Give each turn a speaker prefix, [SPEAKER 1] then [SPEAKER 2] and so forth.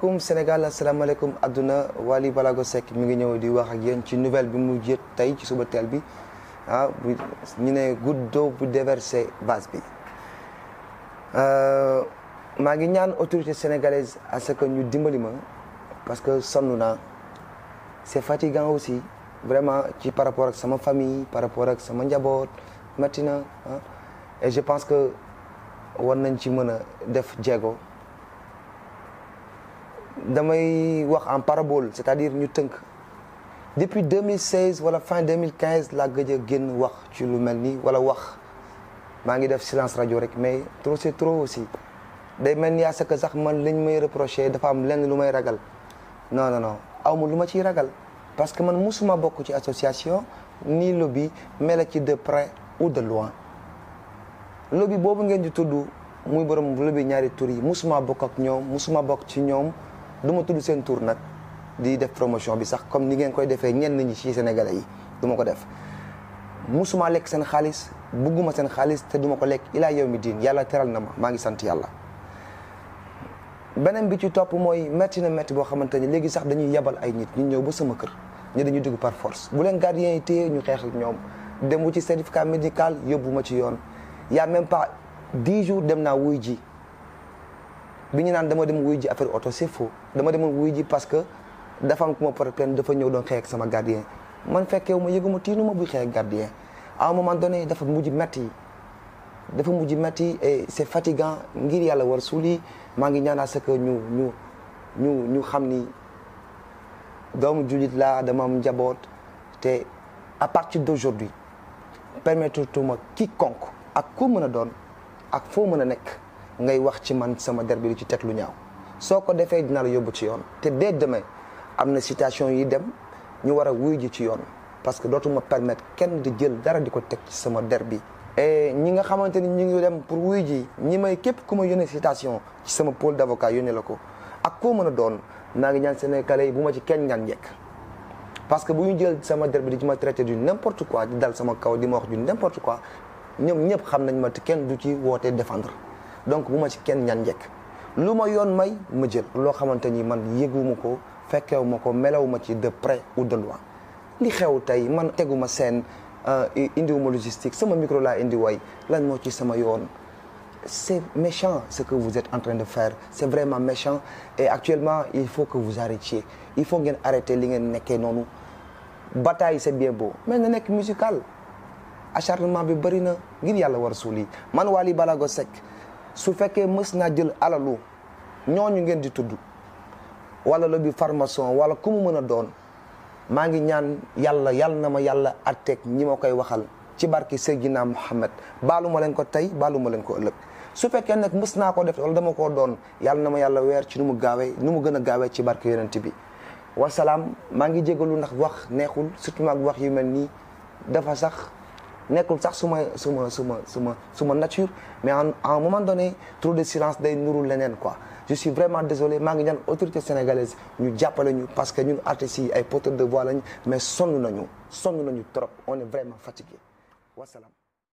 [SPEAKER 1] kum Sénégal asalaamaaleykum àdduna wali Balago sec, mi ngi ñëw di wax ak yeen ci nouvelle bi mu jët tay ci subatel bi ah bu ñu ne goutte d'eau bu déversé base bi euh, ma ngi ñaan autorité sénégalaise à ce que ñu dimbali ma parce que sonn naa c'est fatigant aussi vraiment ci par rapport ak sama famille par rapport ak sama njaboot métti na ah. et je pense que war nañ ci mën a def jéego damay wax en parabole c'est-à-dire ñu tënk depuis 2016 voilà fin 2015 la gëj a génn wax ci lu mel nii wala wax maa ngi def silence radio rek mais trop c'est trop aussi day mel ni yaa sa sax man lañ may reproché dafa am lenn lu may ragal non non non awma lu ma ciy ragal parce que man musuma beaucoup ci association ni lobby mel qui de près ou de loin lobby boobu ngeen di tudd muy borom lobby ñaari tur yi musuma beaucoup ak ñoom musuma beaucoup ci ñoom du ma tudd seen tour nag di def promotion bi sax comme ni ngeen koy defee na ñi ci Sénégalais yi du ko def musuma lekk seen xaalis bugguma seen xaalis te duma ko lekk ilaa yow mi yàlla teral na ma maa ngi sant yàlla beneen bi ci topp mooy metti na métti boo xamante ni léegi sax dañuy yebal ay nit ñu ñëw ba sama kër ñu dañuy dugg par force bu leen gardien yi téye ñu xeex ak ñoom dem wu ci certificat médical yóbbu ma ci yoon y'a même pas dix jours dem naa wuy ji bi ñu naan dama dem wuy ji affaire oto c'est faux dama dem wuy ji parce que dafa am ku ma porté dafa ñëw doon xeex ak sama gardien man fekkewu ma yëguma ma buy xeex ak gardien à un moment donné dafa mujj metti dafa mujj metti et c'est fatigant ngir yàlla war suuli maa ngi ñaanaa sa que ñu ñu ñu ñu xam ni doomu jullit laa dama am njaboot te à partir d'aujourd'hui permettre tuma konk ak ku mën a doon ak foo mën a nekk ngay wax ci man sama der bi ci teg lu ñaaw soo ko defee dina la yóbbu ci yoon te dee demain am na situation yi dem ñu war a wuy ji ci yoon parce que dootuma permettre kenn di jël dara di ko teg ci sama der bi et ñi nga xamante ni ñu ngi dem pour wuy ji ñi may képp ku ma yónnee citation ci sama pôle d'avocat yónnee la ko ak koo mën a doon naa ngi ñaan Sénégalais yi bu ma ci kenn ñaan njekk parce que bu ñu jël sama der bi di ma traité du quoi di dal sama kaw di ma wax du n'importe quoi ñoom ñëpp xam nañ ma kenn du ci wootee défendre donc bu ma ci kenn ñaan njëkk lu ma yoon may ma jël loo xamante ni man yëguma ko fekkewu ma de près ou de loin li xew tey man teguma seen euh, indiwuma logistique sama micro laa indi way lan moo ci sama yoon c'est méchant ce que vous êtes en train de faire c'est vraiment méchant et actuellement il faut que vous arrêtiez il faut ngeen arrêter li ngeen nekkee noonu bataille c'est bien beau mais na nekk musical acharnement bi bëri na ngir yàlla war suul man Wally Balago Seck su fekkee mës naa jël alalu ñu ngeen di tudd wala la bi farmason wala ku mu mën a doon maa ngi ñaan yàlla yàlla na ma yàlla atteeg ñi ma koy waxal ci barki Seydina Muhammad baalu ma leen ko tey baalu ma leen ko ëllëg su fekkee nag mës naa ko def wala dama ko doon yàlla na ma yàlla weer ci nu mu gaawee nu mu gën a gaawee ci barke yonent bi wasalaam maa ngi jégalu ndax wax neexul surtout maag wax yu mel nii dafa sax nekkul sax suma suma suma suma suma nature mais en à un moment donné trop de silence des nuru leneen quoi je suis vraiment désolé maa ngi autorité sénégalaise ñu jàppale ñu parce que ñun artistes yi ay porteurs de voix lañu mais sonn nañu sonn nañu trop on est vraiment fatigué wasalaam